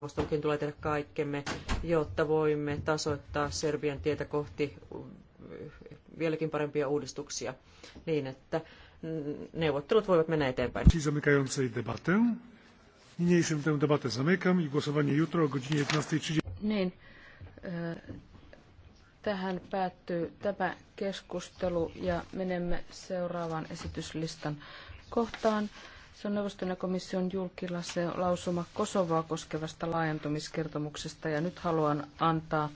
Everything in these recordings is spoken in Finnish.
neuvostonkin tulee tehdä kaikkemme, jotta voimme tasoittaa Serbian tietä kohti vieläkin parempia uudistuksia niin, että neuvottelut voivat mennä eteenpäin. jutro Niin. E, tähän päättyy tämä keskustelu ja menemme seuraavan esityslistan kohtaan. Se on neuvoston ja komission julkilase lausuma Kosovaa koskevasta laajentumiskertomuksesta ja nyt haluan antaa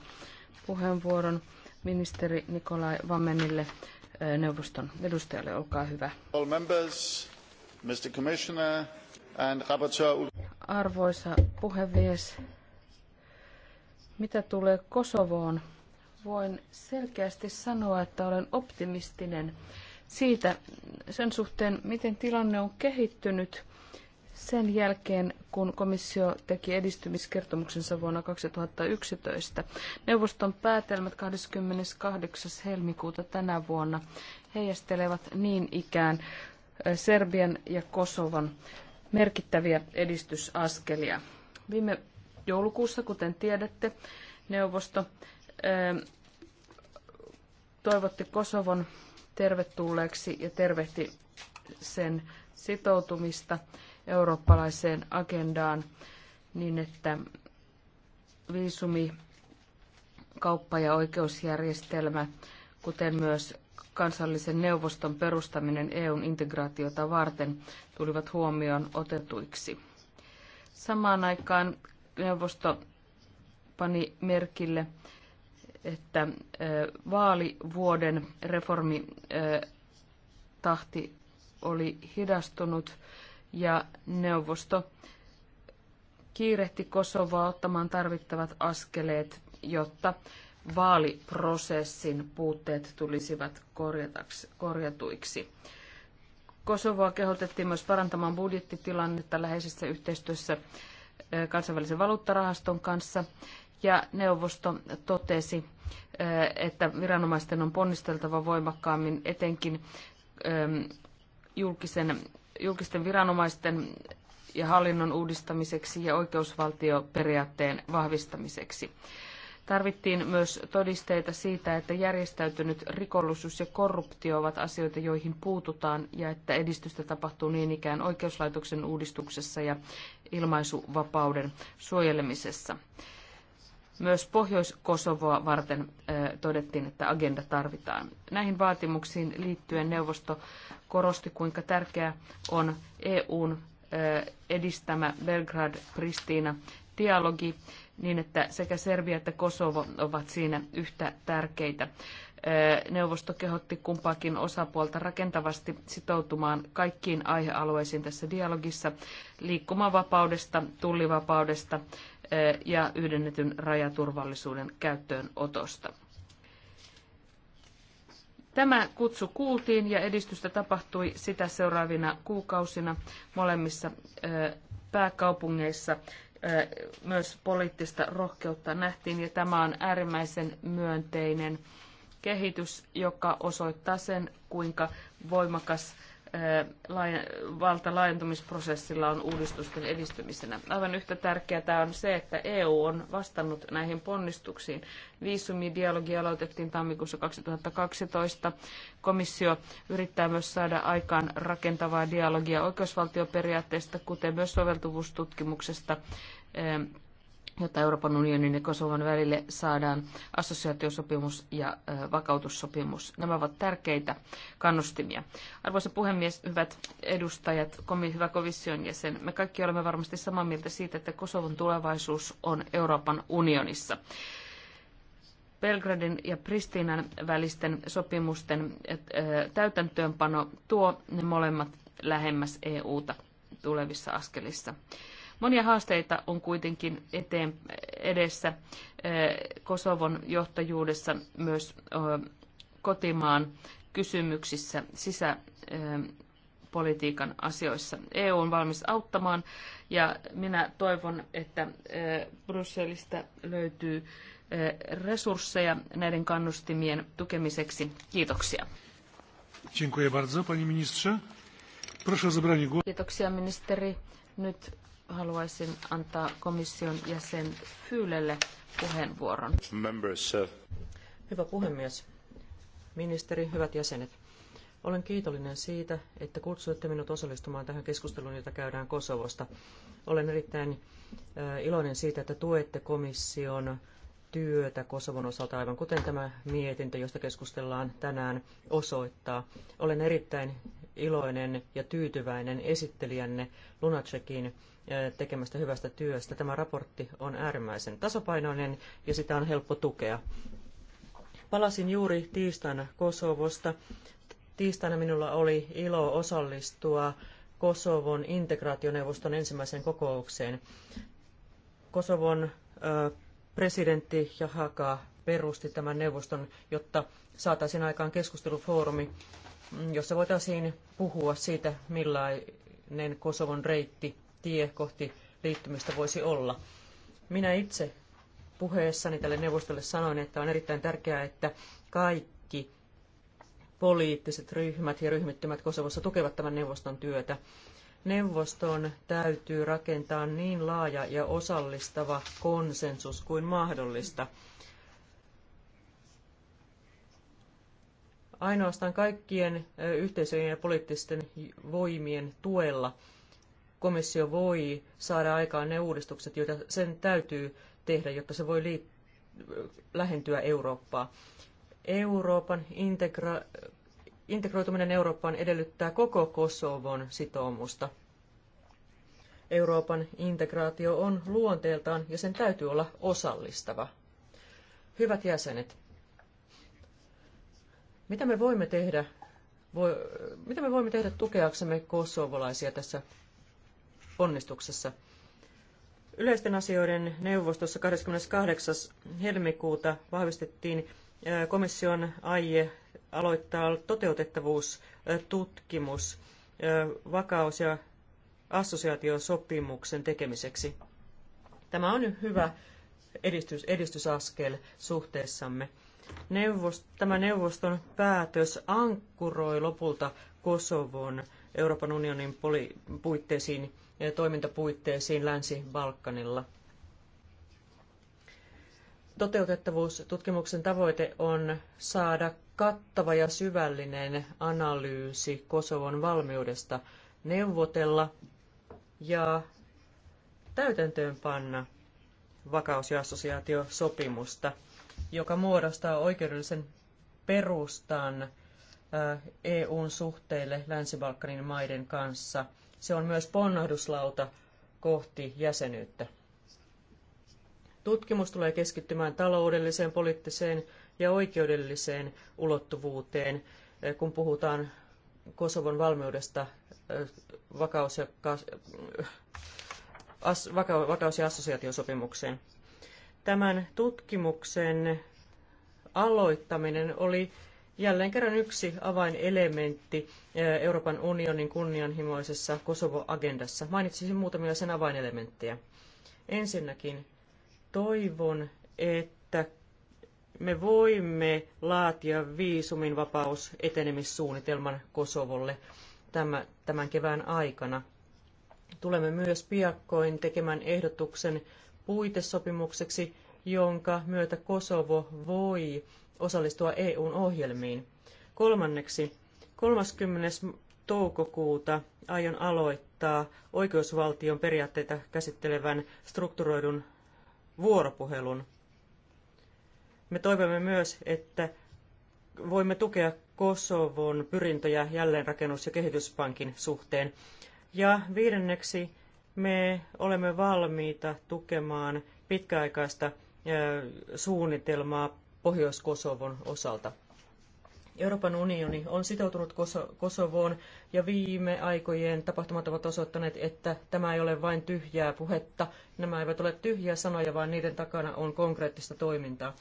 puheenvuoron ministeri Nikolai Vamenille eh, neuvoston edustajalle. Olkaa hyvä. All members, Mr. Commissioner and Arvoisa puhemies, mitä tulee Kosovoon, voin selkeästi sanoa, että olen optimistinen siitä sen suhteen, miten tilanne on kehittynyt sen jälkeen, kun komissio teki edistymiskertomuksensa vuonna 2011. Neuvoston päätelmät 28. helmikuuta tänä vuonna heijastelevat niin ikään Serbian ja Kosovan merkittäviä edistysaskelia. Viime joulukuussa, kuten tiedätte, neuvosto toivotti Kosovon tervetulleeksi ja tervehti sen sitoutumista eurooppalaiseen agendaan niin, että viisumi, kauppa- ja oikeusjärjestelmä, kuten myös kansallisen neuvoston perustaminen EUn integraatiota varten tulivat huomioon otetuiksi. Samaan aikaan neuvosto pani merkille että vaalivuoden reformitahti oli hidastunut ja neuvosto kiirehti Kosovaa ottamaan tarvittavat askeleet, jotta vaaliprosessin puutteet tulisivat korjatuiksi. Kosovoa kehotettiin myös parantamaan budjettitilannetta läheisessä yhteistyössä kansainvälisen valuuttarahaston kanssa ja neuvosto totesi, eh, että viranomaisten on ponnisteltava voimakkaammin etenkin ehm, julkisen, julkisten viranomaisten ja hallinnon uudistamiseksi ja oikeusvaltioperiaatteen vahvistamiseksi. Tarvittiin myös todisteita siitä, että järjestäytynyt rikollisuus ja korruptio ovat asioita, joihin puututaan ja että edistystä tapahtuu niin ikään oikeuslaitoksen uudistuksessa ja ilmaisuvapauden suojelemisessa. Myös Pohjois-Kosovoa varten todettiin, että agenda tarvitaan. Näihin vaatimuksiin liittyen neuvosto korosti, kuinka tärkeää on EUn edistämä Belgrad-Pristina dialogi niin, että sekä Serbia että Kosovo ovat siinä yhtä tärkeitä. Neuvosto kehotti kumpaakin osapuolta rakentavasti sitoutumaan kaikkiin aihealueisiin tässä dialogissa, liikkumavapaudesta, tullivapaudesta, ja yhdennetyn rajaturvallisuuden käyttöönotosta. Tämä kutsu kuultiin ja edistystä tapahtui sitä seuraavina kuukausina molemmissa pääkaupungeissa. Myös poliittista rohkeutta nähtiin ja tämä on äärimmäisen myönteinen kehitys, joka osoittaa sen, kuinka voimakas valta laajentumisprosessilla on uudistusten edistymisenä. Aivan yhtä tärkeää on se, että EU on vastannut näihin ponnistuksiin. Viisumidialogi aloitettiin tammikuussa 2012. Komissio yrittää myös saada aikaan rakentavaa dialogia oikeusvaltioperiaatteesta, kuten myös soveltuvuustutkimuksesta jotta Euroopan unionin ja Kosovan välille saadaan assosiaatiosopimus ja vakautussopimus. Nämä ovat tärkeitä kannustimia. Arvoisa puhemies, hyvät edustajat, hyvä komission jäsen, me kaikki olemme varmasti samaa mieltä siitä, että Kosovon tulevaisuus on Euroopan unionissa. Belgradin ja Pristinan välisten sopimusten täytäntöönpano tuo ne molemmat lähemmäs EUta tulevissa askelissa. Monia haasteita on kuitenkin eteen edessä eh, Kosovon johtajuudessa myös kotimaan kysymyksissä, sisäpolitiikan asioissa. EU on valmis auttamaan ja minä toivon, että Brysselistä löytyy resursseja näiden kannustimien tukemiseksi. Kiitoksia. Dziękuję bardzo, panie ministrze. Proszę o zabranie głosu. Kiitoksia ministeri. Nyt haluaisin antaa komission jäsen Fyylelle puheenvuoron. Members, uh, Hyvä puhemies, ministeri, hyvät jäsenet. Olen kiitollinen siitä, että kutsuitte minut osallistumaan tähän keskusteluun, jota käydään Kosovosta. Olen erittäin äh, iloinen siitä, että tuette komission työtä Kosovon osalta, aivan kuten tämä mietintö, josta keskustellaan tänään, osoittaa. Olen erittäin iloinen ja tyytyväinen esittelijänne Lunacekin äh, tekemästä hyvästä työstä. Tämä raportti on äärimmäisen tasapainoinen ja sitä on helppo tukea. Palasin juuri tiistaina Kosovosta. Tiistaina minulla oli ilo osallistua Kosovon integraationeuvoston ensimmäiseen kokoukseen. Kosovon äh, presidentti Jahaka perusti tämän neuvoston, jotta saataisiin aikaan keskustelufoorumi, jossa voitaisiin puhua siitä, millainen Kosovon reitti, tie kohti liittymistä voisi olla. Minä itse puheessani tälle neuvostolle sanoin, että on erittäin tärkeää, että kaikki poliittiset ryhmät ja ryhmittymät Kosovossa tukevat tämän neuvoston työtä. Neuvoston täytyy rakentaa niin laaja ja osallistava konsensus kuin mahdollista. Ainoastaan kaikkien yhteisöjen ja poliittisten voimien tuella komissio voi saada aikaan ne uudistukset, joita sen täytyy tehdä, jotta se voi lähentyä Eurooppaa. Euroopan integra- integroituminen Eurooppaan edellyttää koko Kosovon sitoumusta. Euroopan integraatio on luonteeltaan ja sen täytyy olla osallistava. Hyvät jäsenet, mitä me voimme tehdä, mitä me voimme tehdä tukeaksemme kosovolaisia tässä ponnistuksessa? Yleisten asioiden neuvostossa 28. helmikuuta vahvistettiin komission aie aloittaa toteutettavuustutkimus vakaus- ja assosiaatiosopimuksen tekemiseksi. Tämä on hyvä edistys, edistysaskel suhteessamme. Neuvost, tämä neuvoston päätös ankkuroi lopulta Kosovon Euroopan unionin poli, puitteisiin, toimintapuitteisiin Länsi-Balkanilla – toteutettavuustutkimuksen tavoite on saada kattava ja syvällinen analyysi Kosovon valmiudesta neuvotella ja täytäntöönpanna vakaus- ja assosiaatiosopimusta, joka muodostaa oikeudellisen perustan EUn suhteille Länsi-Balkanin maiden kanssa. Se on myös ponnahduslauta kohti jäsenyyttä. Tutkimus tulee keskittymään taloudelliseen, poliittiseen ja oikeudelliseen ulottuvuuteen, eh, kun puhutaan Kosovon valmiudesta eh, vakaus- ja, kas- eh, vakaus- ja assosiaatiosopimukseen. Tämän tutkimuksen aloittaminen oli jälleen kerran yksi avainelementti Euroopan unionin kunnianhimoisessa Kosovo-agendassa. Mainitsisin muutamia sen avainelementtejä. Ensinnäkin toivon, että me voimme laatia viisumin etenemissuunnitelman Kosovolle tämän kevään aikana. Tulemme myös piakkoin tekemään ehdotuksen puitesopimukseksi, jonka myötä Kosovo voi osallistua EUn ohjelmiin. Kolmanneksi, 30. toukokuuta aion aloittaa oikeusvaltion periaatteita käsittelevän strukturoidun vuoropuhelun. Me toivomme myös, että voimme tukea Kosovon pyrintöjä jälleenrakennus- ja kehityspankin suhteen. Ja viidenneksi me olemme valmiita tukemaan pitkäaikaista suunnitelmaa Pohjois-Kosovon osalta. Euroopan unioni on sitoutunut Kosovoon ja viime aikojen tapahtumat ovat osoittaneet, että tämä ei ole vain tyhjää puhetta. Nämä eivät ole tyhjiä sanoja, vaan niiden takana on konkreettista toimintaa.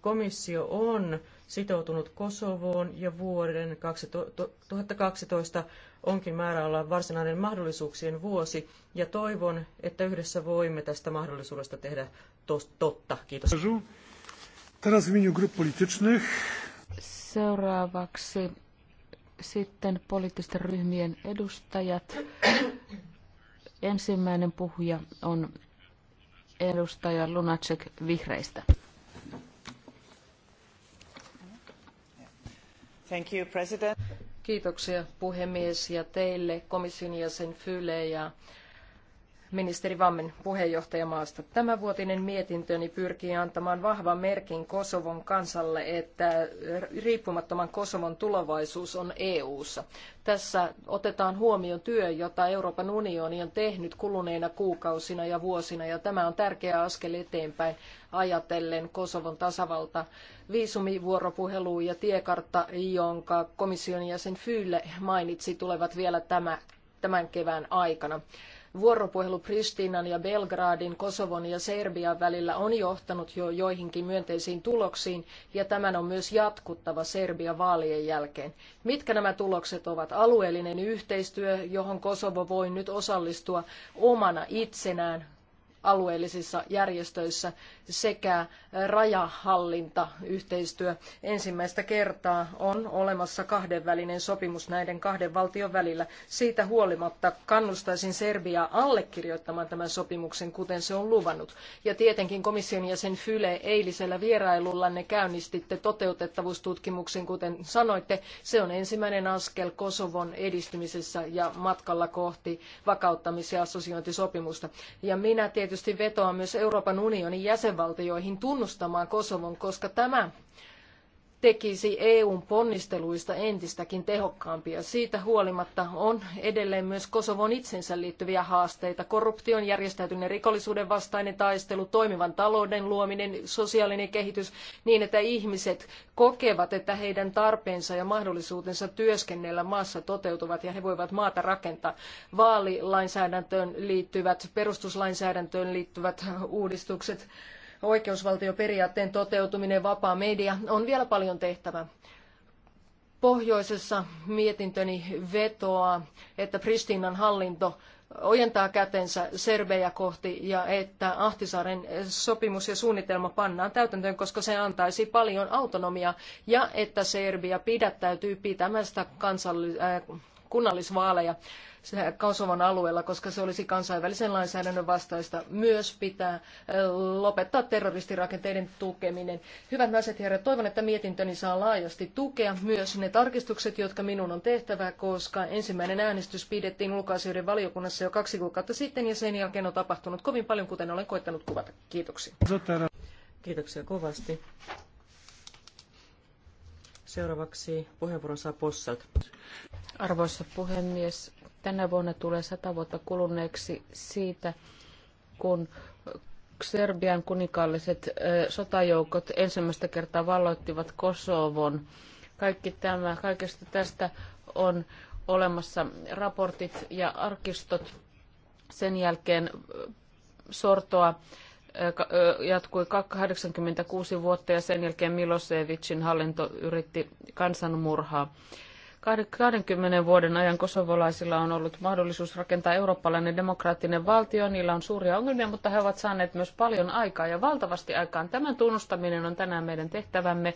Komissio on sitoutunut Kosovoon ja vuoden 2012 onkin määrä olla varsinainen mahdollisuuksien vuosi ja toivon, että yhdessä voimme tästä mahdollisuudesta tehdä totta. Kiitos. Teraz w imieniu grup politycznych Seuraavaksi sitten poliittisten ryhmien edustajat. Ensimmäinen puhuja on edustaja Lunacek vihreistä. Thank you, President. Kiitoksia puhemies ja teille komission jäsen Fyle ja ministeri Vammen puheenjohtajamaasta. Tämänvuotinen mietintöni pyrkii antamaan vahvan merkin Kosovon kansalle, että riippumattoman Kosovon tulevaisuus on EU:ssa. Tässä otetaan huomioon työ, jota Euroopan unioni on tehnyt kuluneina kuukausina ja vuosina, ja tämä on tärkeä askel eteenpäin ajatellen Kosovon tasavalta viisumivuoropuhelu ja tiekartta, jonka komission jäsen Fyyle mainitsi, tulevat vielä tämä, tämän kevään aikana vuoropuhelu Pristinan ja Belgradin, Kosovon ja Serbian välillä on johtanut jo joihinkin myönteisiin tuloksiin ja tämän on myös jatkuttava Serbian vaalien jälkeen. Mitkä nämä tulokset ovat? Alueellinen yhteistyö, johon Kosovo voi nyt osallistua omana itsenään alueellisissa järjestöissä sekä rajahallinta yhteistyö. Ensimmäistä kertaa on olemassa kahdenvälinen sopimus näiden kahden valtion välillä. Siitä huolimatta kannustaisin Serbiaa allekirjoittamaan tämän sopimuksen, kuten se on luvannut. Ja tietenkin komission jäsen Fyle eilisellä vierailullanne käynnistitte toteutettavuustutkimuksen, kuten sanoitte. Se on ensimmäinen askel Kosovon edistymisessä ja matkalla kohti vakauttamis- ja assosiointisopimusta. Ja minä tietenkin tietysti vetoan myös Euroopan unionin jäsenvaltioihin tunnustamaan Kosovon, koska tämä tekisi EUn ponnisteluista entistäkin tehokkaampia. Siitä huolimatta on edelleen myös Kosovon itsensä liittyviä haasteita. Korruption, järjestäytyneen rikollisuuden vastainen taistelu, toimivan talouden luominen, sosiaalinen kehitys niin, että ihmiset kokevat, että heidän tarpeensa ja mahdollisuutensa työskennellä maassa toteutuvat ja he voivat maata rakentaa. Vaalilainsäädäntöön liittyvät, perustuslainsäädäntöön liittyvät uudistukset, oikeusvaltioperiaatteen toteutuminen, vapaa media, on vielä paljon tehtävää. Pohjoisessa mietintöni vetoaa, että Pristinan hallinto ojentaa kätensä serbejä kohti ja että Ahtisaaren sopimus ja suunnitelma pannaan täytäntöön, koska se antaisi paljon autonomiaa ja että Serbia pidättäytyy pitämästä kansalli- äh, kunnallisvaaleja Kosovon alueella, koska se olisi kansainvälisen lainsäädännön vastaista. Myös pitää lopettaa terroristirakenteiden tukeminen. Hyvät naiset ja herrat, toivon, että mietintöni saa laajasti tukea. Myös ne tarkistukset, jotka minun on tehtävä, koska ensimmäinen äänestys pidettiin ulkoasioiden valiokunnassa jo kaksi kuukautta sitten ja sen jälkeen on tapahtunut kovin paljon, kuten olen koittanut kuvata. Kiitoksia. Kiitoksia kovasti. Seuraavaksi puheenvuoron saa Posselt. Arvoisa puhemies, tänä vuonna tulee sata vuotta kuluneeksi siitä, kun Serbian kuninkaalliset sotajoukot ensimmäistä kertaa valloittivat Kosovon. Kaikki tämä, kaikesta tästä on olemassa raportit ja arkistot. Sen jälkeen sortoa jatkui 86 vuotta ja sen jälkeen Milosevicin hallinto yritti kansanmurhaa. 20 vuoden ajan kosovolaisilla on ollut mahdollisuus rakentaa eurooppalainen demokraattinen valtio. Niillä on suuria ongelmia, mutta he ovat saaneet myös paljon aikaa ja valtavasti aikaan. Tämän tunnustaminen on tänään meidän tehtävämme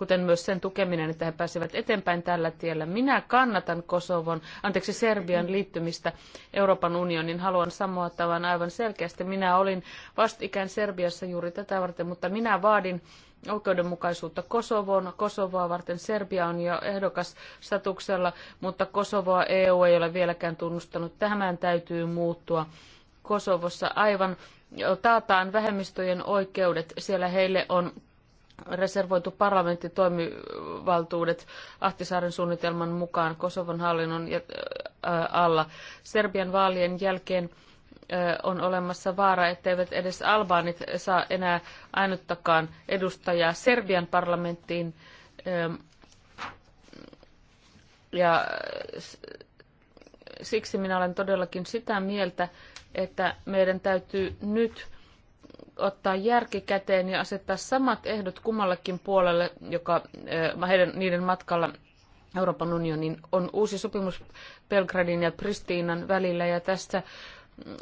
kuten myös sen tukeminen, että he pääsevät eteenpäin tällä tiellä. Minä kannatan Kosovon, anteeksi Serbian liittymistä Euroopan unioniin. Haluan sanoa tavan aivan selkeästi. Minä olin vastikään Serbiassa juuri tätä varten, mutta minä vaadin oikeudenmukaisuutta Kosovoon. Kosovoa varten Serbia on jo ehdokas statuksella, mutta Kosovoa EU ei ole vieläkään tunnustanut. Tämän täytyy muuttua. Kosovossa aivan taataan vähemmistöjen oikeudet. Siellä heille on reservoitu parlamenttitoimivaltuudet Ahtisaaren suunnitelman mukaan Kosovon hallinnon äh, alla. Serbian vaalien jälkeen äh, on olemassa vaara, etteivät edes albaanit saa enää ainuttakaan edustajaa Serbian parlamenttiin. Ähm, ja siksi minä olen todellakin sitä mieltä, että meidän täytyy nyt ottaa järki käteen ja asettaa samat ehdot kummallekin puolelle, joka heidän, niiden matkalla Euroopan unionin on uusi sopimus Belgradin ja Pristiinan välillä ja tässä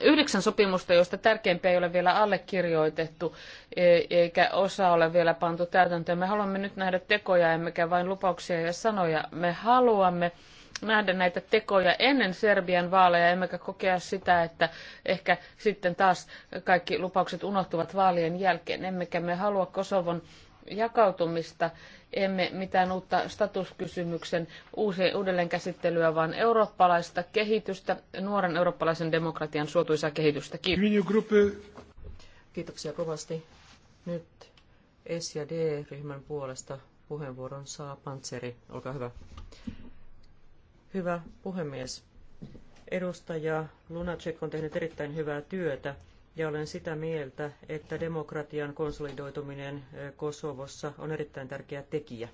yhdeksän sopimusta, joista tärkeimpiä ei ole vielä allekirjoitettu e, eikä osa ole vielä pantu täytäntöön. Me haluamme nyt nähdä tekoja emmekä vain lupauksia ja sanoja. Me haluamme nähdä näitä tekoja ennen Serbian vaaleja, emmekä kokea sitä, että ehkä sitten taas kaikki lupaukset unohtuvat vaalien jälkeen. Emmekä me halua Kosovon jakautumista, emme mitään uutta statuskysymyksen uusien uudelleenkäsittelyä, vaan eurooppalaista kehitystä, nuoren eurooppalaisen demokratian suotuisaa kehitystä. Kiitos. Kiitoksia kovasti. Nyt S- ja D-ryhmän puolesta puheenvuoron saa Pantseri. Olkaa hyvä. Hyvä puhemies. Edustaja Lunacek on tehnyt erittäin hyvää työtä ja olen sitä mieltä, että demokratian konsolidoituminen Kosovossa on erittäin tärkeä tekijä.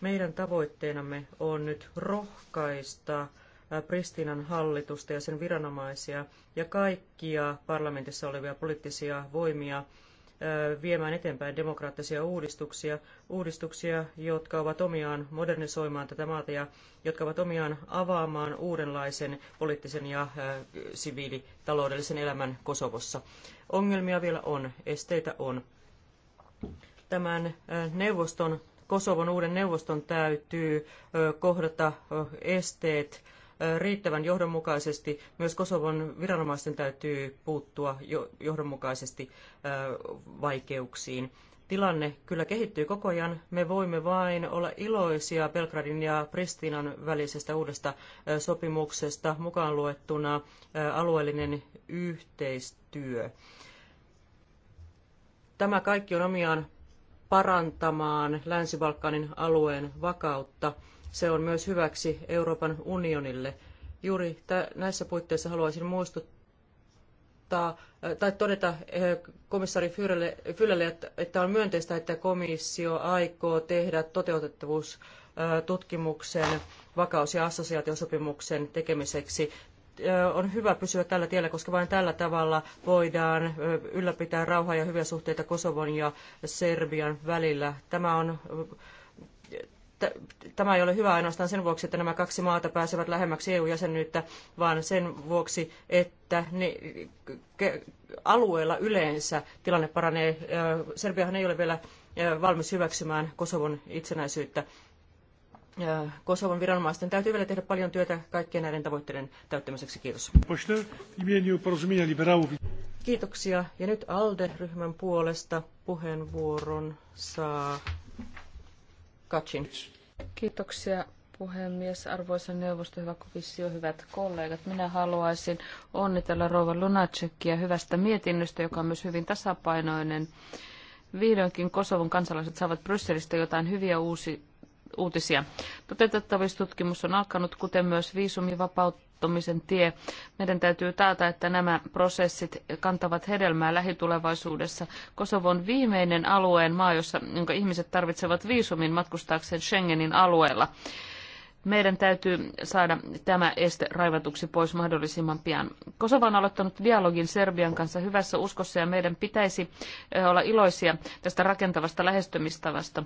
Meidän tavoitteenamme on nyt rohkaista Pristinan hallitusta ja sen viranomaisia ja kaikkia parlamentissa olevia poliittisia voimia viemään eteenpäin demokraattisia uudistuksia, uudistuksia, jotka ovat omiaan modernisoimaan tätä maata ja jotka ovat omiaan avaamaan uudenlaisen poliittisen ja siviilitaloudellisen elämän Kosovossa. Ongelmia vielä on, esteitä on. Tämän neuvoston, Kosovon uuden neuvoston täytyy kohdata esteet riittävän johdonmukaisesti. Myös Kosovon viranomaisten täytyy puuttua johdonmukaisesti vaikeuksiin. Tilanne kyllä kehittyy koko ajan. Me voimme vain olla iloisia Belgradin ja Pristinan välisestä uudesta sopimuksesta mukaan luettuna alueellinen yhteistyö. Tämä kaikki on omiaan parantamaan Länsi-Balkanin alueen vakautta se on myös hyväksi Euroopan unionille. Juuri näissä puitteissa haluaisin muistuttaa äh, tai todeta äh, komissaari Fyllelle, että on myönteistä, että komissio aikoo tehdä toteutettavuustutkimuksen äh, vakaus- ja assosiaatiosopimuksen tekemiseksi on hyvä pysyä tällä tiellä, koska vain tällä tavalla voidaan ylläpitää rauhaa ja hyviä suhteita Kosovon ja Serbian välillä. Tämä on tämä ei ole hyvä ainoastaan sen vuoksi, että nämä kaksi maata pääsevät lähemmäksi EU-jäsenyyttä, vaan sen vuoksi, että ne, alueella yleensä tilanne paranee. Serbiahan ei ole vielä valmis hyväksymään Kosovon itsenäisyyttä. Kosovon viranomaisten täytyy vielä tehdä paljon työtä kaikkien näiden tavoitteiden täyttämiseksi. Kiitos. Kiitoksia. Ja nyt ALDE-ryhmän puolesta puheenvuoron saa Kacin. Kiitoksia puhemies, arvoisa neuvosto, hyvä komissio, hyvät kollegat. Minä haluaisin onnitella rouva Lunacekia hyvästä mietinnöstä, joka on myös hyvin tasapainoinen. Vihdoinkin Kosovon kansalaiset saavat Brysselistä jotain hyviä uusi, uutisia. Toteutettavistutkimus on alkanut, kuten myös viisumivapautta kotouttamisen tie. Meidän täytyy taata, että nämä prosessit kantavat hedelmää lähitulevaisuudessa. Kosovo on viimeinen alueen maa, jossa, jonka ihmiset tarvitsevat viisumin matkustaakseen Schengenin alueella. Meidän täytyy saada tämä este raivatuksi pois mahdollisimman pian. Kosova on aloittanut dialogin Serbian kanssa hyvässä uskossa ja meidän pitäisi olla iloisia tästä rakentavasta lähestymistavasta.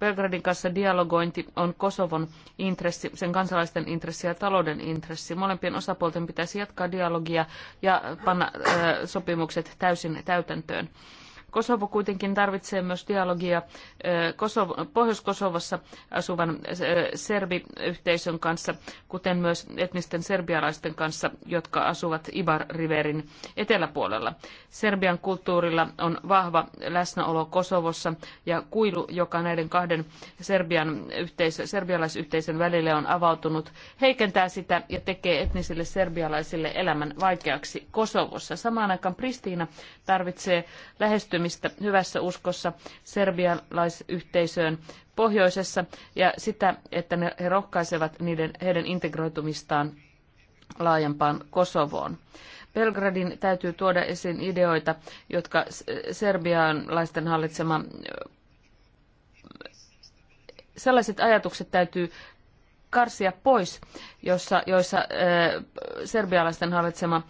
Belgradin kanssa dialogointi on Kosovon intressi, sen kansalaisten intressi ja talouden intressi. Molempien osapuolten pitäisi jatkaa dialogia ja panna sopimukset täysin täytäntöön. Kosovo kuitenkin tarvitsee myös dialogia Kosovo, Pohjois-Kosovassa asuvan serbiyhteisön kanssa, kuten myös etnisten serbialaisten kanssa, jotka asuvat Ibar-riverin eteläpuolella. Serbian kulttuurilla on vahva läsnäolo Kosovossa ja kuilu, joka näiden kahden Serbian yhteisö, serbialaisyhteisön välille on avautunut, heikentää sitä ja tekee etnisille serbialaisille elämän vaikeaksi Kosovossa. Samaan aikaan Pristiina tarvitsee lähestymistä liittymistä hyvässä uskossa serbialaisyhteisöön pohjoisessa ja sitä, että ne, he rohkaisevat niiden, heidän integroitumistaan laajempaan Kosovoon. Belgradin täytyy tuoda esiin ideoita, jotka serbialaisten hallitsema sellaiset ajatukset täytyy karsia pois, jossa, joissa ää, serbialaisten hallitsema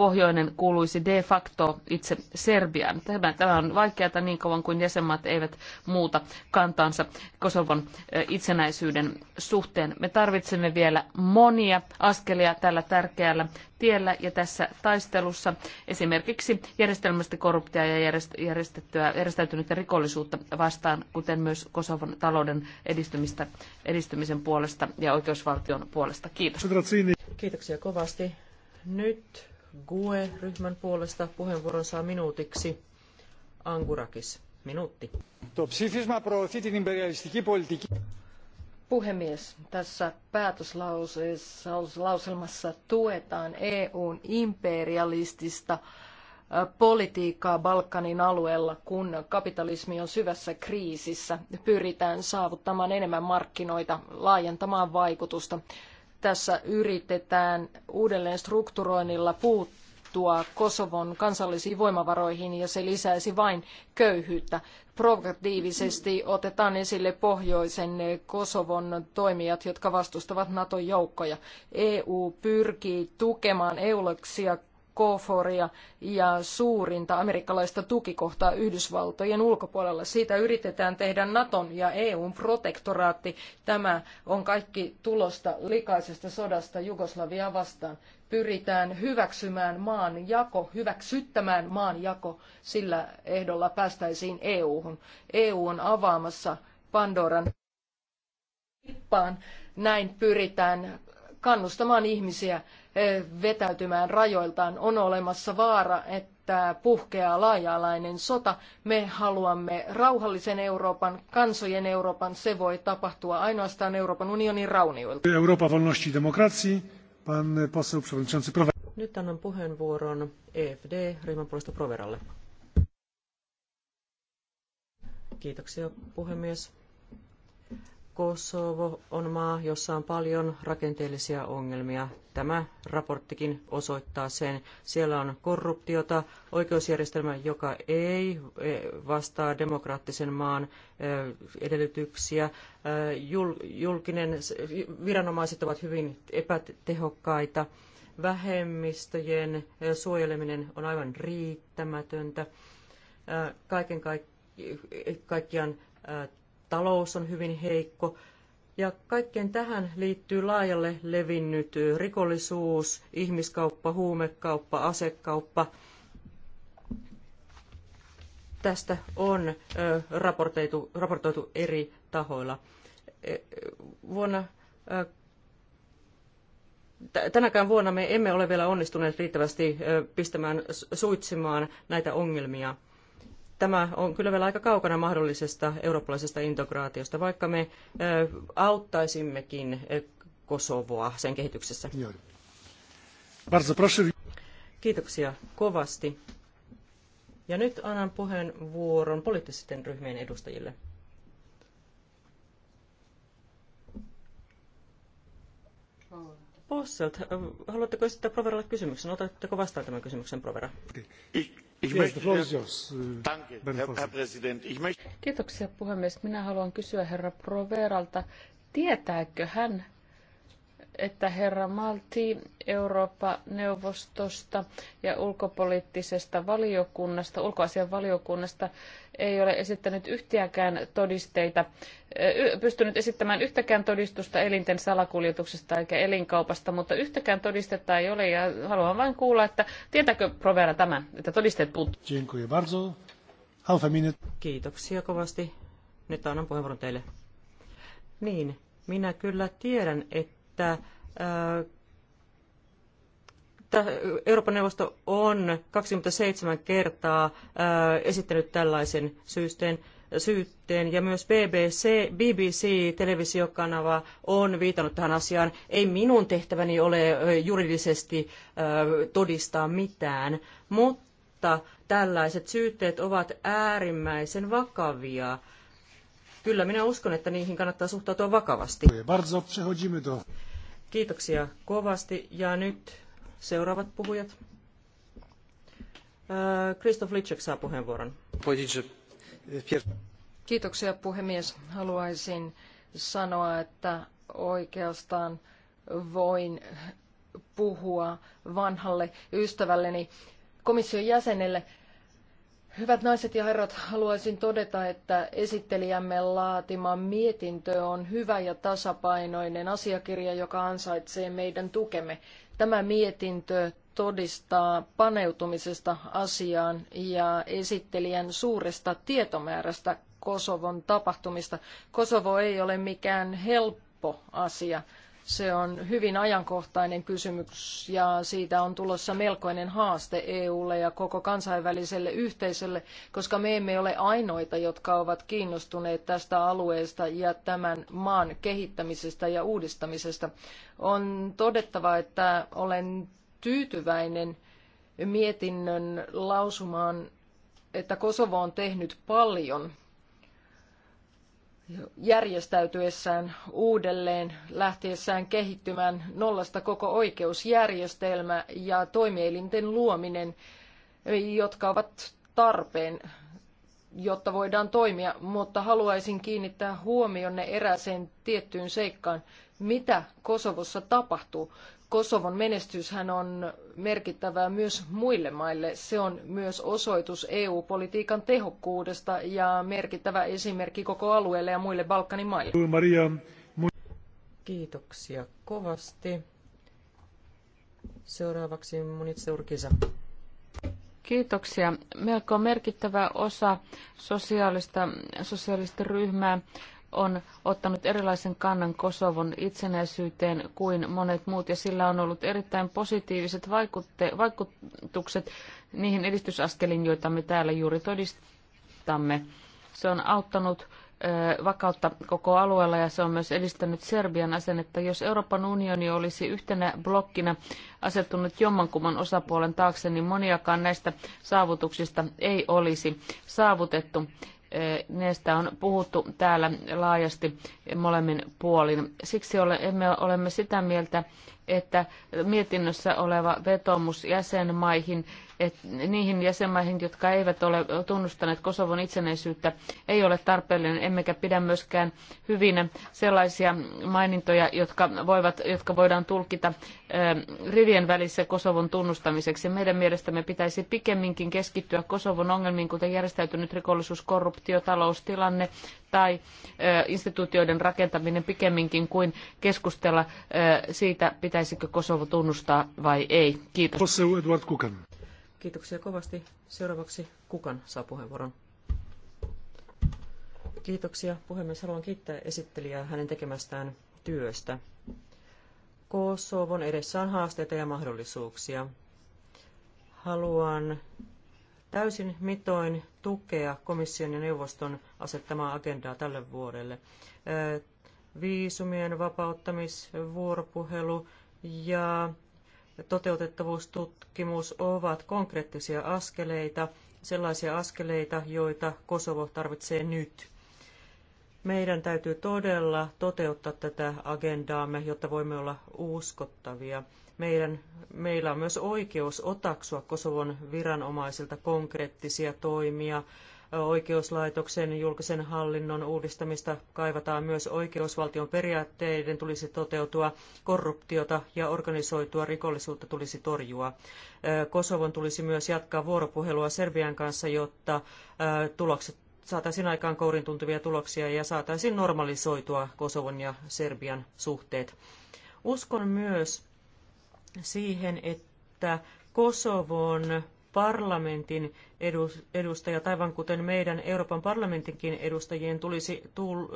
pohjoinen kuuluisi de facto itse Serbiaan. Tämä, on vaikeata niin kauan kuin jäsenmaat eivät muuta kantaansa Kosovon itsenäisyyden suhteen. Me tarvitsemme vielä monia askelia tällä tärkeällä tiellä ja tässä taistelussa esimerkiksi järjestelmästä korruptia ja järjestettyä, järjestäytynyttä rikollisuutta vastaan, kuten myös Kosovon talouden edistymistä, edistymisen puolesta ja oikeusvaltion puolesta. Kiitos. Kiitoksia kovasti. Nyt GUE-ryhmän puolesta puheenvuoron saa minuutiksi Angurakis. Minuutti. Το ψήφισμα προωθεί την Puhemies, tässä päätöslauselmassa tuetaan EUn imperialistista politiikkaa Balkanin alueella, kun kapitalismi on syvässä kriisissä. Pyritään saavuttamaan enemmän markkinoita, laajentamaan vaikutusta. Tässä yritetään uudelleen strukturoinnilla puuttua Kosovon kansallisiin voimavaroihin ja se lisäisi vain köyhyyttä. Provokatiivisesti otetaan esille pohjoisen Kosovon toimijat, jotka vastustavat Naton joukkoja. EU pyrkii tukemaan Euloksia KFORia ja suurinta amerikkalaista tukikohtaa Yhdysvaltojen ulkopuolella. Siitä yritetään tehdä Naton ja EUn protektoraatti. Tämä on kaikki tulosta likaisesta sodasta Jugoslaviaa vastaan. Pyritään hyväksymään maan jako, hyväksyttämään maan jako, sillä ehdolla päästäisiin EU-hun. EU on avaamassa Pandoran lippaan. Näin pyritään kannustamaan ihmisiä vetäytymään rajoiltaan. On olemassa vaara, että puhkeaa laaja-alainen sota. Me haluamme rauhallisen Euroopan, kansojen Euroopan. Se voi tapahtua ainoastaan Euroopan unionin raunioilta. Euroopan valnosti demokratii. Pan poseł przewodniczący Provera. Nyt annan puheenvuoron EFD-ryhmän puolesta Proveralle. Kiitoksia puhemies. Kosovo on maa, jossa on paljon rakenteellisia ongelmia. Tämä raporttikin osoittaa sen. Siellä on korruptiota, oikeusjärjestelmä, joka ei eh, vastaa demokraattisen maan eh, edellytyksiä. Eh, julkinen, viranomaiset ovat hyvin epätehokkaita. Vähemmistöjen suojeleminen on aivan riittämätöntä. Kaiken kaikkiaan talous on hyvin heikko. Ja kaikkeen tähän liittyy laajalle levinnyt rikollisuus, ihmiskauppa, huumekauppa, asekauppa. Tästä on raportoitu, raportoitu eri tahoilla. E, vuonna tänäkään vuonna me emme ole vielä onnistuneet riittävästi pistämään suitsimaan näitä ongelmia tämä on kyllä vielä aika kaukana mahdollisesta eurooppalaisesta integraatiosta, vaikka me auttaisimmekin Kosovoa sen kehityksessä. Kiitoksia kovasti. Ja nyt annan puheenvuoron poliittisten ryhmien edustajille. Posselt, haluatteko esittää Proveralle kysymyksen? Otatteko vastaan tämän kysymyksen, Provera? Okay. Ich möchte, Kiitoksia puhemies. Minä haluan kysyä herra Proveralta, tietääkö hän että herra Malti Eurooppa-neuvostosta ja ulkopoliittisesta valiokunnasta, ulkoasian valiokunnasta ei ole esittänyt yhtiäkään todisteita, pystynyt esittämään yhtäkään todistusta elinten salakuljetuksesta eikä elinkaupasta, mutta yhtäkään todistetta ei ole ja haluan vain kuulla, että tietääkö Provera tämän, että todisteet puuttuvat. Kiitoksia kovasti. Nyt annan puheenvuoron teille. Niin, minä kyllä tiedän, että että Euroopan neuvosto on 27 kertaa esittänyt tällaisen syysteen, syytteen ja myös BBC, BBC-televisiokanava on viitannut tähän asiaan. Ei minun tehtäväni ole juridisesti todistaa mitään, mutta tällaiset syytteet ovat äärimmäisen vakavia. Kyllä minä uskon, että niihin kannattaa suhtautua vakavasti. Bardzo przechodzimy do Kiitoksia kovasti. Ja nyt seuraavat puhujat. Kristof äh, Litschek saa puheenvuoron. Kiitoksia puhemies. Haluaisin sanoa, että oikeastaan voin puhua vanhalle ystävälleni komission jäsenelle Hyvät naiset ja herrat, haluaisin todeta, että esittelijämme laatima mietintö on hyvä ja tasapainoinen asiakirja, joka ansaitsee meidän tukemme. Tämä mietintö todistaa paneutumisesta asiaan ja esittelijän suuresta tietomäärästä Kosovon tapahtumista. Kosovo ei ole mikään helppo asia. Se on hyvin ajankohtainen kysymys ja siitä on tulossa melkoinen haaste EUlle ja koko kansainväliselle yhteisölle, koska me emme ole ainoita, jotka ovat kiinnostuneet tästä alueesta ja tämän maan kehittämisestä ja uudistamisesta. On todettava, että olen tyytyväinen mietinnön lausumaan, että Kosovo on tehnyt paljon järjestäytyessään uudelleen, lähtiessään kehittymään nollasta koko oikeusjärjestelmä ja toimielinten luominen, jotka ovat tarpeen, jotta voidaan toimia, mutta haluaisin kiinnittää huomionne erääseen tiettyyn seikkaan, mitä Kosovossa tapahtuu. Kosovon menestyshän on merkittävää myös muille maille. Se on myös osoitus EU-politiikan tehokkuudesta ja merkittävä esimerkki koko alueelle ja muille Balkanin maille. Maria. Kiitoksia kovasti. Seuraavaksi Munitseurkisa. Kiitoksia. Melko merkittävä osa sosiaalista, sosiaalista ryhmää on ottanut erilaisen kannan Kosovon itsenäisyyteen kuin monet muut, ja sillä on ollut erittäin positiiviset vaikutte, vaikutukset niihin edistysaskelin, joita me täällä juuri todistamme. Se on auttanut vakautta koko alueella ja se on myös edistänyt Serbian asennetta. Jos Euroopan unioni olisi yhtenä blokkina asettunut jommankumman osapuolen taakse, niin moniakaan näistä saavutuksista ei olisi saavutettu. Näistä on puhuttu täällä laajasti molemmin puolin. Siksi emme olemme sitä mieltä, että mietinnössä oleva vetomus jäsenmaihin et niihin jäsenmaihin, jotka eivät ole tunnustaneet Kosovon itsenäisyyttä, ei ole tarpeellinen, emmekä pidä myöskään hyvin sellaisia mainintoja, jotka, voivat, jotka voidaan tulkita ähm, rivien välissä Kosovon tunnustamiseksi. Meidän mielestämme pitäisi pikemminkin keskittyä Kosovon ongelmiin, kuten järjestäytynyt rikollisuus, korruptio, taloustilanne tai äh, instituutioiden rakentaminen pikemminkin kuin keskustella äh, siitä, pitäisikö Kosovo tunnustaa vai ei. Kiitos. Edward Kukan. Kiitoksia kovasti. Seuraavaksi Kukan saa puheenvuoron. Kiitoksia puhemies. Haluan kiittää esittelijää hänen tekemästään työstä. Kosovon edessä on haasteita ja mahdollisuuksia. Haluan täysin mitoin tukea komission ja neuvoston asettamaa agendaa tälle vuodelle. Viisumien vapauttamisvuoropuhelu ja toteutettavuustutkimus ovat konkreettisia askeleita, sellaisia askeleita, joita Kosovo tarvitsee nyt. Meidän täytyy todella toteuttaa tätä agendaamme, jotta voimme olla uskottavia. Meidän, meillä on myös oikeus otaksua Kosovon viranomaisilta konkreettisia toimia, oikeuslaitoksen julkisen hallinnon uudistamista kaivataan myös oikeusvaltion periaatteiden tulisi toteutua, korruptiota ja organisoitua rikollisuutta tulisi torjua. Kosovon tulisi myös jatkaa vuoropuhelua Serbian kanssa, jotta tulokset saataisiin aikaan kourin tuntuvia tuloksia ja saataisiin normalisoitua Kosovon ja Serbian suhteet. Uskon myös siihen, että Kosovon parlamentin edustajat, aivan kuten meidän Euroopan parlamentinkin edustajien tulisi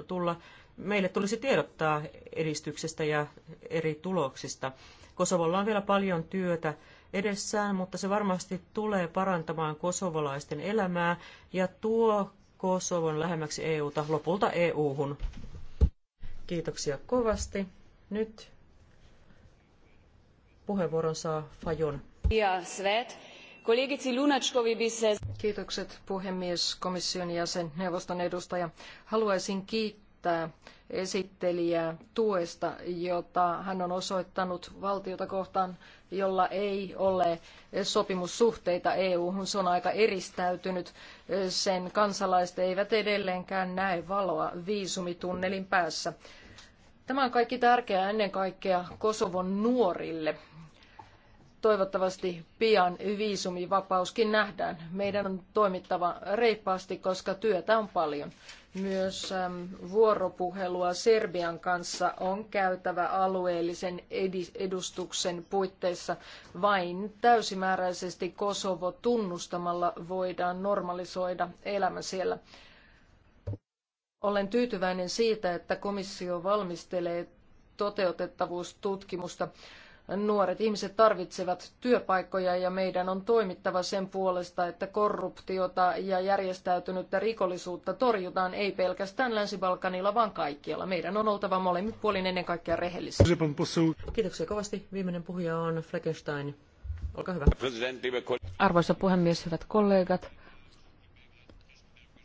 tulla, meille tulisi tiedottaa edistyksestä ja eri tuloksista. Kosovolla on vielä paljon työtä edessään, mutta se varmasti tulee parantamaan kosovolaisten elämää ja tuo Kosovon lähemmäksi EUta, lopulta EUhun. Kiitoksia kovasti. Nyt puheenvuoron saa Fajon. Ja Svet. Kollegitsi Lunatskovi Kiitokset puhemies, komission jäsen, neuvoston edustaja. Haluaisin kiittää esittelijää tuesta, jota hän on osoittanut valtiota kohtaan, jolla ei ole sopimussuhteita EU-hun. Se on aika eristäytynyt. Sen kansalaiset eivät edelleenkään näe valoa viisumitunnelin päässä. Tämä on kaikki tärkeää ennen kaikkea Kosovon nuorille toivottavasti pian viisumivapauskin nähdään. Meidän on toimittava reippaasti, koska työtä on paljon. Myös vuoropuhelua Serbian kanssa on käytävä alueellisen edustuksen puitteissa. Vain täysimääräisesti Kosovo tunnustamalla voidaan normalisoida elämä siellä. Olen tyytyväinen siitä, että komissio valmistelee toteutettavuustutkimusta. Nuoret ihmiset tarvitsevat työpaikkoja ja meidän on toimittava sen puolesta, että korruptiota ja järjestäytynyttä rikollisuutta torjutaan ei pelkästään Länsi-Balkanilla, vaan kaikkialla. Meidän on oltava molemmin puolin ennen kaikkea rehellisiä. Kiitoksia kovasti. Viimeinen puhuja on Fleckenstein. Olkaa hyvä. Arvoisa puhemies, hyvät kollegat.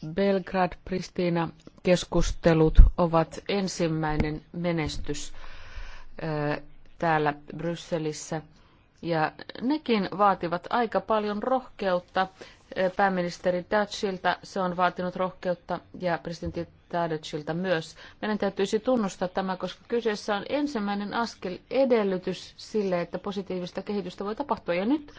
Belgrad-Pristina keskustelut ovat ensimmäinen menestys täällä Brysselissä. Ja nekin vaativat aika paljon rohkeutta. Eh, pääministeri Thatchilta se on vaatinut rohkeutta ja presidentti Tadicilta myös. Meidän täytyisi tunnustaa tämä, koska kyseessä on ensimmäinen askel edellytys sille, että positiivista kehitystä voi tapahtua. Ja nyt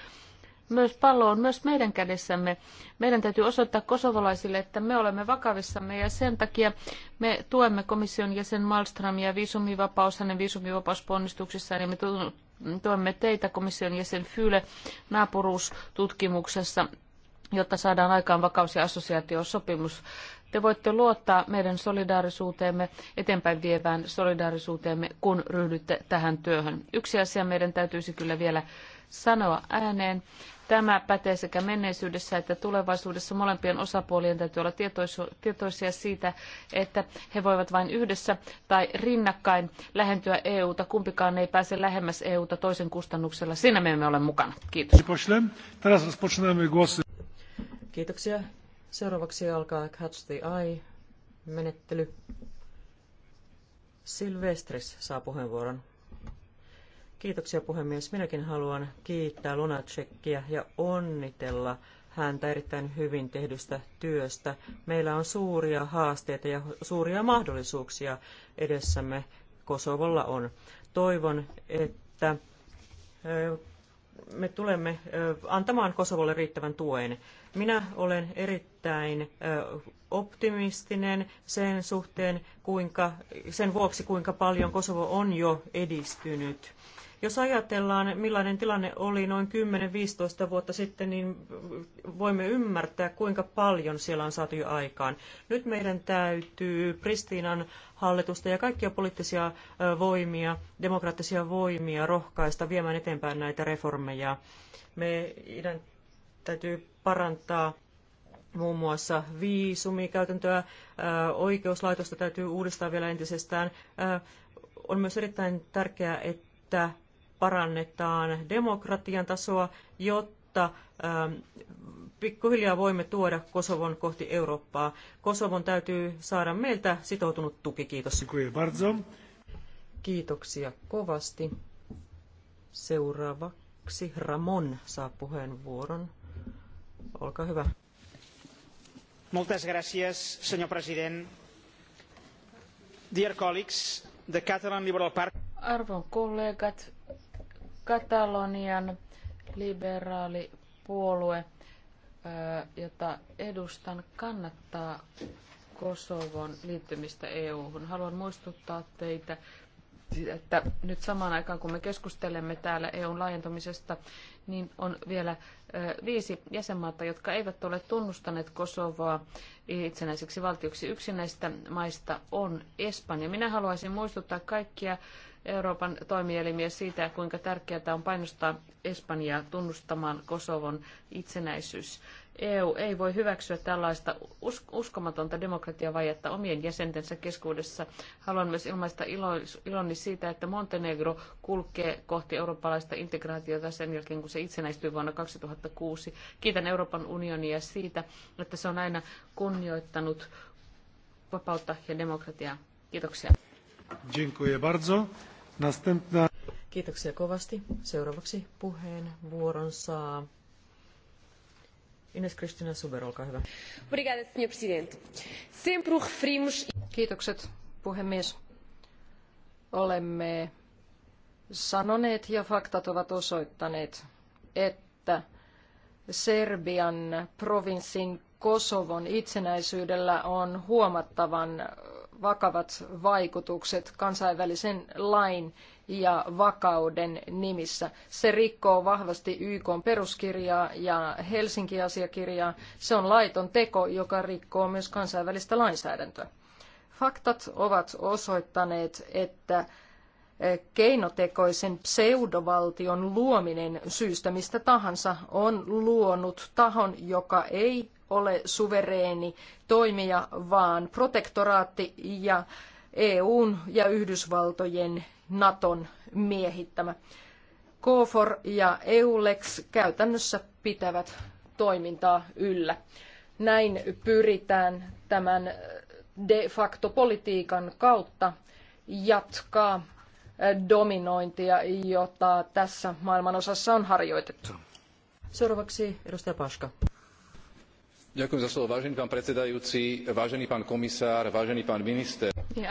myös pallo on myös meidän kädessämme. Meidän täytyy osoittaa kosovolaisille, että me olemme vakavissamme ja sen takia me tuemme komission jäsen Malmströmiä viisumivapaus, hänen viisumivapausponnistuksissaan ja me tuemme teitä komission jäsen Fyle naapuruustutkimuksessa, jotta saadaan aikaan vakaus- ja assosiaatiosopimus. Te voitte luottaa meidän solidaarisuuteemme, eteenpäin vievään solidaarisuuteemme, kun ryhdytte tähän työhön. Yksi asia meidän täytyisi kyllä vielä sanoa ääneen. Tämä pätee sekä menneisyydessä että tulevaisuudessa. Molempien osapuolien täytyy olla tietoisia siitä, että he voivat vain yhdessä tai rinnakkain lähentyä e ta, Kumpikaan ei pääse lähemmäs EU: ta toisen kustannuksella. Siinä me emme ole mukana. Kiitos. Kiitoksia. Seuraavaksi alkaa Catch the Eye-menettely. Silvestris saa puheenvuoron. Kiitoksia puhemies. Minäkin haluan kiittää Lunacekia ja onnitella häntä erittäin hyvin tehdystä työstä. Meillä on suuria haasteita ja suuria mahdollisuuksia edessämme Kosovolla on. Toivon, että me tulemme antamaan Kosovolle riittävän tuen. Minä olen erittäin optimistinen sen suhteen, kuinka, sen vuoksi kuinka paljon Kosovo on jo edistynyt jos ajatellaan, millainen tilanne oli noin 10-15 vuotta sitten, niin voimme ymmärtää, kuinka paljon siellä on saatu jo aikaan. Nyt meidän täytyy Pristiinan hallitusta ja kaikkia poliittisia voimia, demokraattisia voimia rohkaista viemään eteenpäin näitä reformeja. Meidän täytyy parantaa muun muassa viisumikäytäntöä, oikeuslaitosta täytyy uudistaa vielä entisestään. On myös erittäin tärkeää, että parannetaan demokratian tasoa, jotta ähm, pikkuhiljaa voimme tuoda Kosovon kohti Eurooppaa. Kosovon täytyy saada meiltä sitoutunut tuki. Kiitos. Kiitoksia kovasti. Seuraavaksi Ramon saa puheenvuoron. Olkaa hyvä. Moltes gràcies, senyor president. Dear colleagues, the Catalan Liberal Party... Arvon kollegat, Katalonian liberaalipuolue, jota edustan, kannattaa Kosovon liittymistä EU-hun. Haluan muistuttaa teitä, että nyt samaan aikaan kun me keskustelemme täällä EUn laajentumisesta, niin on vielä viisi jäsenmaata, jotka eivät ole tunnustaneet Kosovoa itsenäiseksi valtioksi. Yksi näistä maista on Espanja. Minä haluaisin muistuttaa kaikkia Euroopan toimielimiä siitä, kuinka tärkeää on painostaa Espanjaa tunnustamaan Kosovon itsenäisyys. EU ei voi hyväksyä tällaista uskomatonta demokratiavajetta omien jäsentensä keskuudessa. Haluan myös ilmaista iloni siitä, että Montenegro kulkee kohti eurooppalaista integraatiota sen jälkeen, kun se itsenäistyi vuonna 2006. Kiitän Euroopan unionia siitä, että se on aina kunnioittanut vapautta ja demokratiaa. Kiitoksia. Dziękuję bardzo. Następna... Kiitoksia kovasti. Seuraavaksi puheen vuoron saa Ines Kristina Suber, olkaa hyvä. Obrigada, senhor presidente. Sempre referimos... Kiitokset, puhemies. Olemme sanoneet ja faktat ovat osoittaneet, että Serbian provinssin Kosovon itsenäisyydellä on huomattavan vakavat vaikutukset kansainvälisen lain ja vakauden nimissä. Se rikkoo vahvasti YK peruskirjaa ja Helsinki-asiakirjaa. Se on laiton teko, joka rikkoo myös kansainvälistä lainsäädäntöä. Faktat ovat osoittaneet, että eh, keinotekoisen pseudovaltion luominen syystä mistä tahansa on luonut tahon, joka ei ole suvereeni toimija, vaan protektoraatti ja EUn ja Yhdysvaltojen Naton miehittämä. KFOR ja EULEX käytännössä pitävät toimintaa yllä. Näin pyritään tämän de facto politiikan kautta jatkaa dominointia, jota tässä maailmanosassa on harjoitettu. Seuraavaksi edustaja Paska.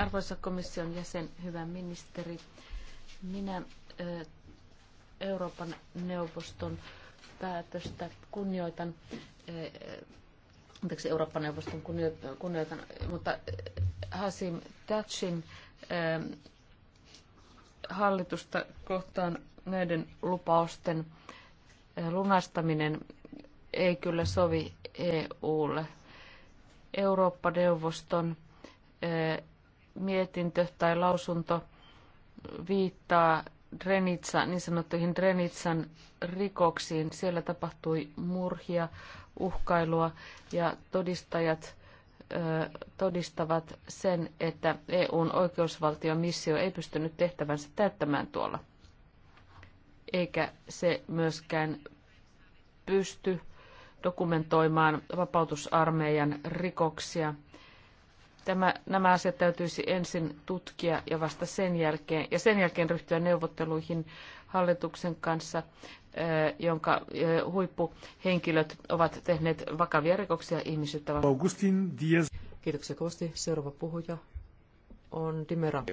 Arvoisa komission jäsen, hyvä ministeri. Minä e, Euroopan neuvoston päätöstä kunnioitan, e, anteeksi Euroopan neuvoston kunnioitan, mutta e, Hasim Tatsin hallitusta kohtaan näiden lupausten lunastaminen ei kyllä sovi EUlle. Eurooppa-neuvoston e, mietintö tai lausunto viittaa Drenitsa, niin sanottuihin Drenitsan rikoksiin. Siellä tapahtui murhia, uhkailua ja todistajat e, todistavat sen, että EUn oikeusvaltion missio ei pystynyt tehtävänsä täyttämään tuolla. Eikä se myöskään pysty dokumentoimaan vapautusarmeijan rikoksia. Tämä, nämä asiat täytyisi ensin tutkia ja vasta sen jälkeen, ja sen jälkeen ryhtyä neuvotteluihin hallituksen kanssa, jonka huippuhenkilöt ovat tehneet vakavia rikoksia ihmisyyttä Augustin Diaz. Kiitoksia kovasti. Seuraava puhuja on Dimera.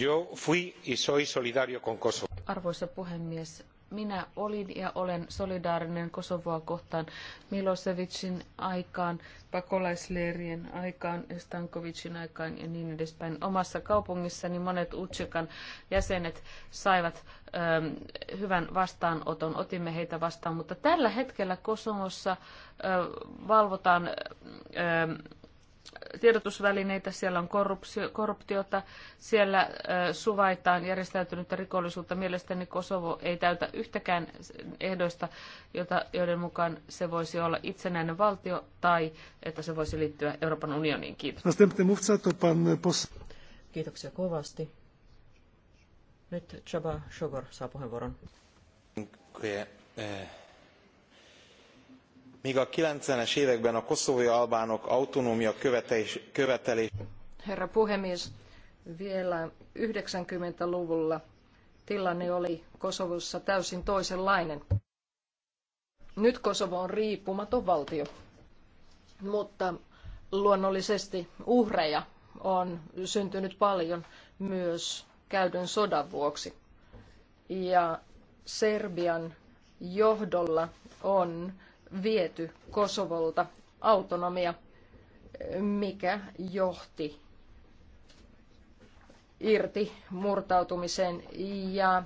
Yo fui y soy solidario con Kosovo. Arvoisa puhemies, minä olin ja olen solidaarinen Kosovoa kohtaan Milosevicin aikaan, pakolaisleirien aikaan, Stankovicin aikaan ja niin edespäin. Omassa kaupungissani monet Utsekan jäsenet saivat ähm, hyvän vastaanoton, otimme heitä vastaan, mutta tällä hetkellä Kosovossa äh, valvotaan äh, tiedotusvälineitä, siellä on korruptiota, siellä suvaitaan järjestäytynyttä rikollisuutta. Mielestäni Kosovo ei täytä yhtäkään ehdoista, jota, joiden mukaan se voisi olla itsenäinen valtio tai että se voisi liittyä Euroopan unioniin. Kiitos. Kiitoksia kovasti. Nyt Chaba Shogor saa puheenvuoron. Dziękuję. E, mg a ninety es években a koszovói albánok autonómiakövetelését. Herra puhemies, vielä 90-luvulla tilanne oli koszovossa täysin toisenlainen. Nyt Kosovo on riippumaton valtio, mutta luonnollisesti uhreja on syntynyt paljon myös käydyn sodan vuoksi. Ja Serbian johdolla on viety Kosovolta autonomia, mikä johti irti murtautumiseen ja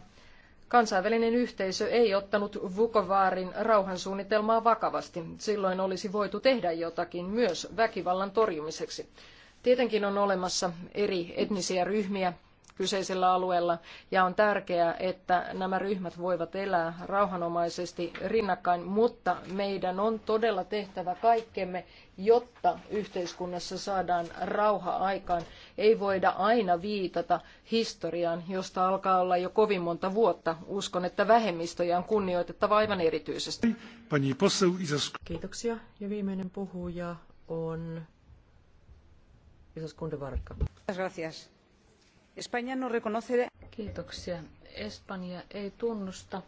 Kansainvälinen yhteisö ei ottanut Vukovaarin rauhansuunnitelmaa vakavasti. Silloin olisi voitu tehdä jotakin myös väkivallan torjumiseksi. Tietenkin on olemassa eri etnisiä ryhmiä, kyseisellä alueella ja on tärkeää, että nämä ryhmät voivat elää rauhanomaisesti rinnakkain, mutta meidän on todella tehtävä kaikkemme, jotta yhteiskunnassa saadaan rauha aikaan. Ei voida aina viitata historiaan, josta alkaa olla jo kovin monta vuotta. Uskon, että vähemmistöjä on kunnioitettava aivan erityisesti. Kiitoksia. Ja viimeinen puhuja on Isas Kundevarka. Gracias. España no reconoce... Kiitoksia. Espanja ei tunnusta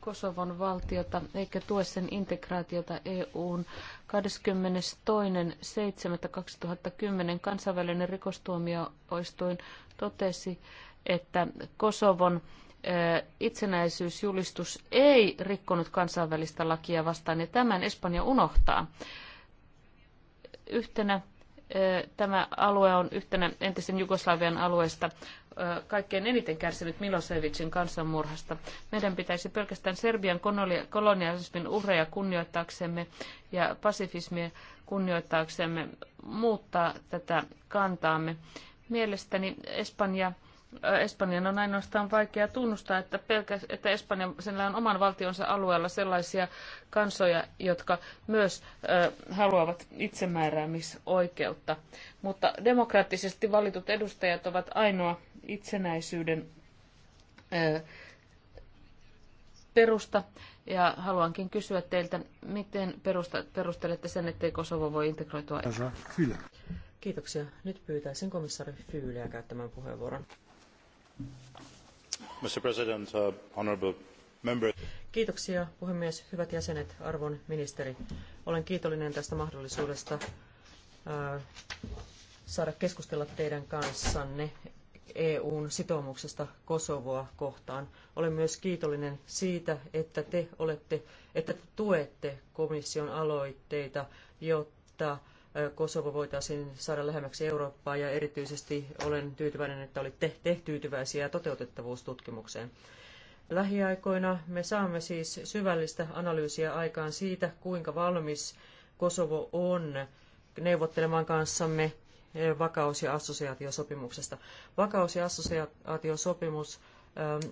Kosovon valtiota eikä tue sen integraatiota EUn 22.7.2010 kansainvälinen rikostuomioistuin totesi, että Kosovon itsenäisyysjulistus ei rikkonut kansainvälistä lakia vastaan ja tämän Espanja unohtaa. Yhtenä tämä alue on yhtenä entisen Jugoslavian alueesta kaikkein eniten kärsinyt Milosevicin kansanmurhasta. Meidän pitäisi pelkästään Serbian kolonialismin uhreja kunnioittaaksemme ja pasifismia kunnioittaaksemme muuttaa tätä kantaamme. Mielestäni Espanja Espanjan on ainoastaan vaikea tunnustaa, että, pelkä, että Espanja sillä on oman valtionsa alueella sellaisia kansoja, jotka myös ö, haluavat itsemääräämisoikeutta. Mutta demokraattisesti valitut edustajat ovat ainoa itsenäisyyden ö, perusta. Ja haluankin kysyä teiltä, miten perusta, perustelette sen, ettei Kosovo voi integroitua? Kiitoksia. Nyt pyytäisin komissaari Fyyliä käyttämään puheenvuoron. Mr. President, uh, honorable members. Kiitoksia puhemies, hyvät jäsenet, arvon ministeri. Olen kiitollinen tästä mahdollisuudesta uh, saada keskustella teidän kanssanne EUn sitoumuksesta Kosovoa kohtaan. Olen myös kiitollinen siitä, että te olette, että te tuette komission aloitteita, jotta Kosovo voitaisiin saada lähemmäksi Eurooppaa ja erityisesti olen tyytyväinen, että olitte te tyytyväisiä toteutettavuustutkimukseen. Lähiaikoina me saamme siis syvällistä analyysiä aikaan siitä, kuinka valmis Kosovo on neuvottelemaan kanssamme vakaus- ja assosiaatiosopimuksesta. Vakaus- ja assosiaatiosopimus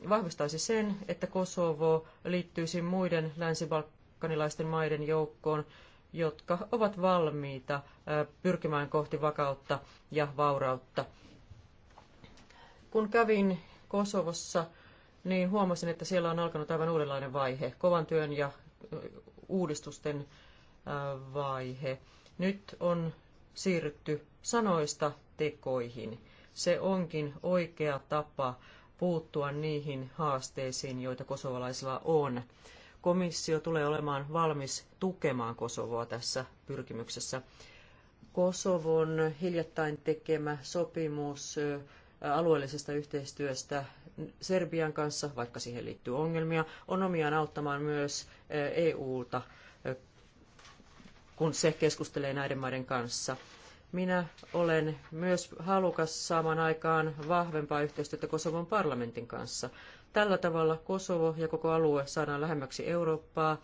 vahvistaisi sen, että Kosovo liittyisi muiden länsi-balkanilaisten maiden joukkoon, jotka ovat valmiita pyrkimään kohti vakautta ja vaurautta. Kun kävin Kosovossa, niin huomasin, että siellä on alkanut aivan uudenlainen vaihe, kovan työn ja uudistusten vaihe. Nyt on siirrytty sanoista tekoihin. Se onkin oikea tapa puuttua niihin haasteisiin, joita kosovalaisilla on komissio tulee olemaan valmis tukemaan Kosovoa tässä pyrkimyksessä. Kosovon hiljattain tekemä sopimus alueellisesta yhteistyöstä Serbian kanssa, vaikka siihen liittyy ongelmia, on omiaan auttamaan myös EU-ta, kun se keskustelee näiden maiden kanssa. Minä olen myös halukas saamaan aikaan vahvempaa yhteistyötä Kosovon parlamentin kanssa. Tällä tavalla Kosovo ja koko alue saadaan lähemmäksi Eurooppaa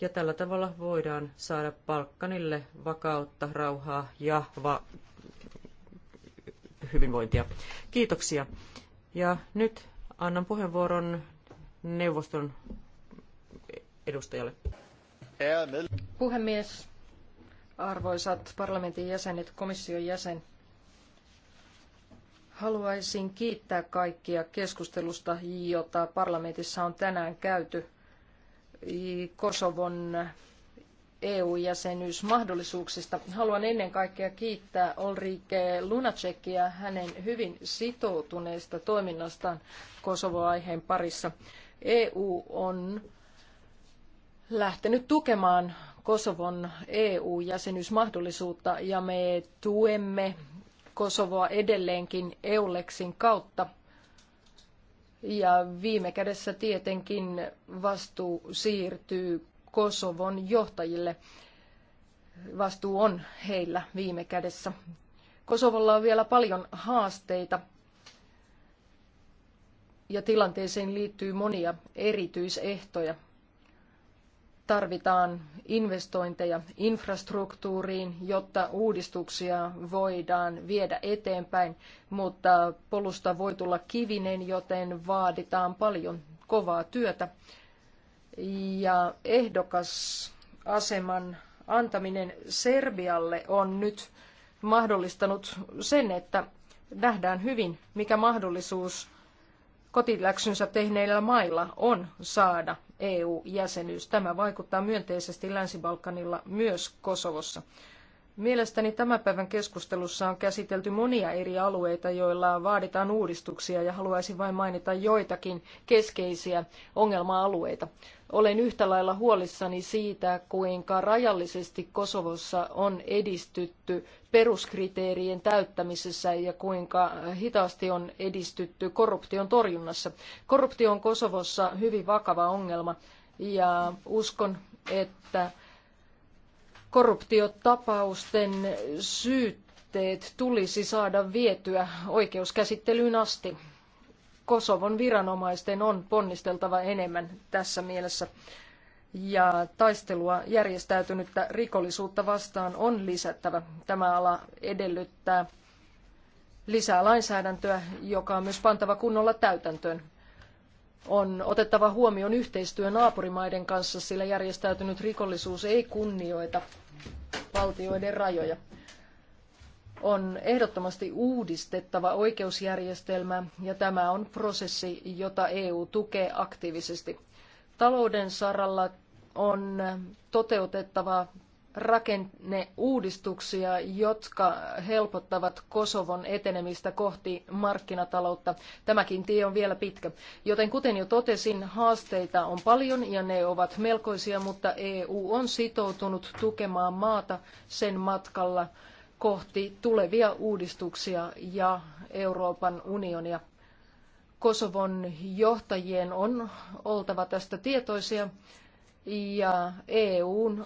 ja tällä tavalla voidaan saada Balkanille vakautta, rauhaa ja va- hyvinvointia. Kiitoksia. Ja nyt annan puheenvuoron neuvoston edustajalle. Puhemies, arvoisat parlamentin jäsenet, komission jäsen. Haluaisin kiittää kaikkia keskustelusta, jota parlamentissa on tänään käyty Kosovon EU-jäsenyysmahdollisuuksista. Haluan ennen kaikkea kiittää Olrike Lunacekia hänen hyvin sitoutuneesta toiminnastaan Kosovo-aiheen parissa. EU on lähtenyt tukemaan Kosovon EU-jäsenyysmahdollisuutta ja me tuemme Kosovoa edelleenkin Eulexin kautta. Ja viime kädessä tietenkin vastuu siirtyy Kosovon johtajille. Vastuu on heillä viime kädessä. Kosovolla on vielä paljon haasteita ja tilanteeseen liittyy monia erityisehtoja tarvitaan investointeja infrastruktuuriin, jotta uudistuksia voidaan viedä eteenpäin, mutta polusta voi tulla kivinen, joten vaaditaan paljon kovaa työtä. Ja ehdokasaseman antaminen Serbialle on nyt mahdollistanut sen, että nähdään hyvin, mikä mahdollisuus kotiläksynsä tehneillä mailla on saada EU-jäsenyys. Tämä vaikuttaa myönteisesti Länsi-Balkanilla myös Kosovossa. Mielestäni tämän päivän keskustelussa on käsitelty monia eri alueita, joilla vaaditaan uudistuksia ja haluaisin vain mainita joitakin keskeisiä ongelma-alueita. Olen yhtä lailla huolissani siitä, kuinka rajallisesti Kosovossa on edistytty peruskriteerien täyttämisessä ja kuinka hitaasti on edistytty korruption torjunnassa. Korruptio on Kosovossa hyvin vakava ongelma ja uskon, että korruptiotapausten syytteet tulisi saada vietyä oikeuskäsittelyyn asti. Kosovon viranomaisten on ponnisteltava enemmän tässä mielessä. Ja taistelua järjestäytynyttä rikollisuutta vastaan on lisättävä. Tämä ala edellyttää lisää lainsäädäntöä, joka on myös pantava kunnolla täytäntöön. On otettava huomioon yhteistyö naapurimaiden kanssa, sillä järjestäytynyt rikollisuus ei kunnioita valtioiden rajoja on ehdottomasti uudistettava oikeusjärjestelmä ja tämä on prosessi, jota EU tukee aktiivisesti. Talouden saralla on toteutettava rakenneuudistuksia, jotka helpottavat Kosovon etenemistä kohti markkinataloutta. Tämäkin tie on vielä pitkä. Joten kuten jo totesin, haasteita on paljon ja ne ovat melkoisia, mutta EU on sitoutunut tukemaan maata sen matkalla kohti tulevia uudistuksia ja Euroopan unionia. Kosovon johtajien on oltava tästä tietoisia ja EUn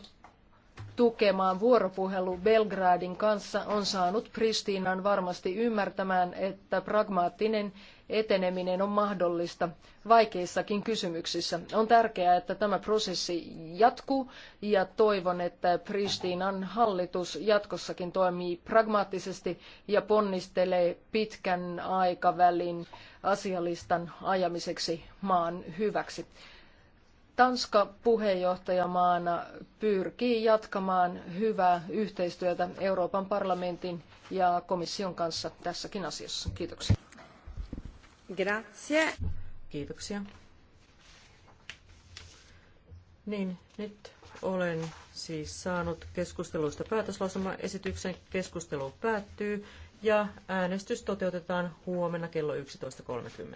tukemaan vuoropuhelu Belgradin kanssa on saanut Pristiinan varmasti ymmärtämään, että pragmaattinen eteneminen on mahdollista vaikeissakin kysymyksissä. On tärkeää, että tämä prosessi jatkuu ja toivon, että Pristinan hallitus jatkossakin toimii pragmaattisesti ja ponnistelee pitkän aikavälin asialistan ajamiseksi maan hyväksi. Tanska puheenjohtajamaana pyrkii jatkamaan hyvää yhteistyötä Euroopan parlamentin ja komission kanssa tässäkin asiassa. Kiitoksia. Grazie. Kiitoksia. Niin, nyt olen siis saanut keskusteluista esityksen Keskustelu päättyy ja äänestys toteutetaan huomenna kello 11.30.